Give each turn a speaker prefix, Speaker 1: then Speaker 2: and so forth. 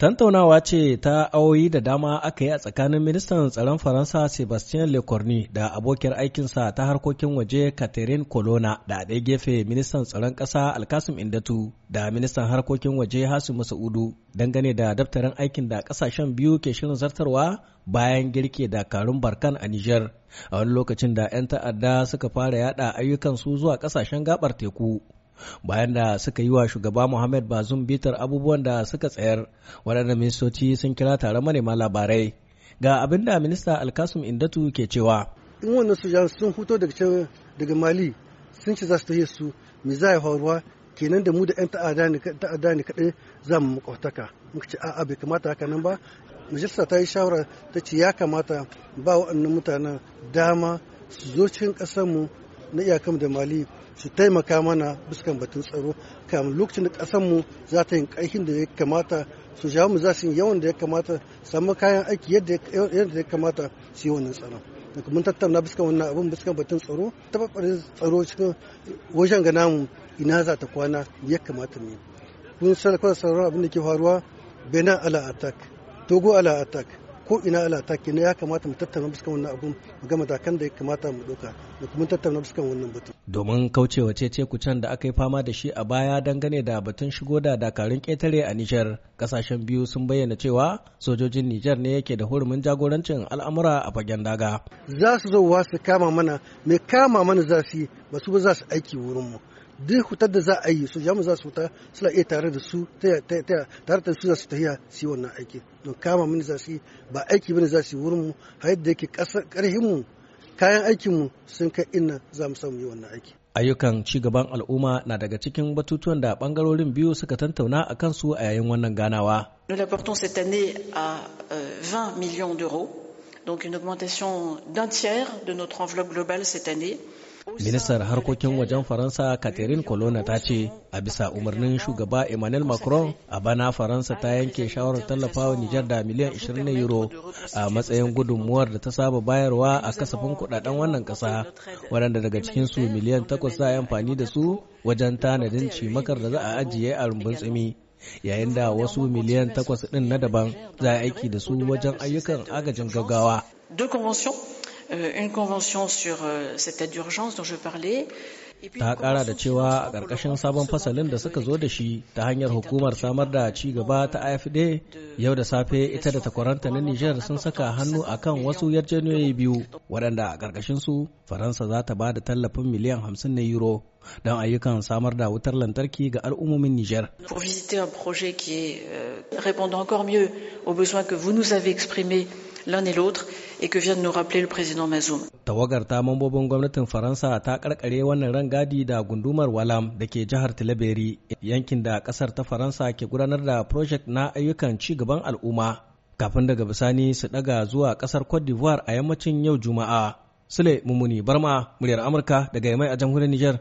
Speaker 1: Tantaunawa ce ta awoyi da dama aka yi a tsakanin ministan tsaron Faransa Sebastien Lecornu da abokiyar aikinsa ta harkokin waje Catherine Colonna da a ɗaya gefe ministan tsaron ƙasa Alkasim Indatu da ministan harkokin waje Hasu Masaudu dangane da daftarin aikin da ƙasashen biyu ke shirin zartarwa bayan girke dakarun Barkan a Nijar a wani lokacin da 'yan ta'adda suka fara yada ayyukansu zuwa ƙasashen gabar teku. bayan da suka yi wa shugaba Muhammad Bazoum bitar abubuwan da suka tsayar waɗanda ministoci sun kira tare manema labarai ga abin da minista Alkasum Indatu ke cewa
Speaker 2: in wannan sojan sun huto daga daga Mali sun ce za su tafi su me za yi faruwa kenan da mu da 'yan ta'adda ne kaɗai za mu makwataka muka ce a'a bai kamata haka nan ba majalisa ta yi shawara ta ce ya kamata ba waɗannan mutanen dama su zo cikin mu na iyakam da mali su taimaka mana biskan batun tsaro kamun lokacin da ƙasanmu za ta yin ƙarfin da ya kamata su ja mu za su yi yawan da ya kamata samu kayan aiki yadda ya kamata su yi wannan tsaron mun tattauna biskan wannan abin biskan batun tsaro taɓaɓɓarin tsaro cikin wajen ga namu ina za ta kwana ya kamata ne kun sarrafa sauran abin da ke faruwa benin ala attack togo ala attack ko ina ta ke ne ya kamata mu tattauna biskan wannan abun mu ga matakan da ya kamata mu ɗauka da kuma tattauna biskan wannan batun.
Speaker 1: domin kaucewa cece kucen da aka yi fama da shi a baya dangane da batun shigo da dakarun ketare a nijar kasashen biyu sun bayyana cewa sojojin nijar ne yake da hurumin jagorancin al'amura a fagen daga.
Speaker 2: za su zo su kama mana mai kama mana za su yi ba su ba za su aiki wurinmu duk hutar da za a yi su jamus za su huta suna iya tare da su tare da su za su tafiya su wannan aiki don kama mini za su yi ba aiki bane za su yi wurin mu har yadda yake karhinmu mu kayan aikin sun kai inna za mu samu yi wannan aiki
Speaker 1: ayyukan ci gaban al'umma na daga cikin batutuwan da bangarorin biyu suka tantauna a kansu a yayin wannan ganawa
Speaker 3: nous l'apportons cette année à 20 euh, millions d'euros donc une augmentation d'un tiers de notre enveloppe globale cette année
Speaker 1: Ministar harkokin wajen Faransa Catherine Colonna ta ce, a bisa umarnin shugaba Emmanuel Macron, a bana Faransa ta yanke shawarar tallafawa Nijar da miliyan 20 na euro a matsayin gudunmuwar da ta saba bayarwa a kasafin kudaden wannan kasa, waɗanda daga cikin su miliyan 8 za a amfani da su wajen tanadin cimakar da za a ajiye a rumbun tsimi. yayin da wasu miliyan takwas ɗin na daban za a aiki da su wajen ayyukan agajin gaggawa.
Speaker 3: Euh, une convention sur euh, cet état d'urgence dont je parlais.
Speaker 1: ta kara da cewa a ƙarƙashin sabon fasalin da suka zo da shi ta hanyar hukumar samar da ci gaba ta afd yau da safe ita da takwaranta na nijar sun saka hannu a kan wasu yarjejeniyoyi biyu waɗanda a ƙarƙashin su faransa za ta ba da tallafin miliyan 50 na euro don ayyukan samar da wutar lantarki ga al'ummomin nijar
Speaker 3: pour visiter un projet qui est euh, répondant encore mieux aux besoins que vous nous avez exprimés l'un et l'autre et que vient de nous rappeler le président Mazoum.
Speaker 1: Tawagar ta mambobin gwamnatin Faransa ta karkare wannan rangadi da gundumar Walam da ke jihar Tilaberi yankin da kasar ta Faransa ke gudanar da project na ayyukan ci gaban al'umma kafin daga bisani su daga zuwa kasar Cote d'Ivoire a yammacin yau Juma'a. Sule Mumuni Barma, muryar Amurka daga Yamai a jamhuriyar Niger.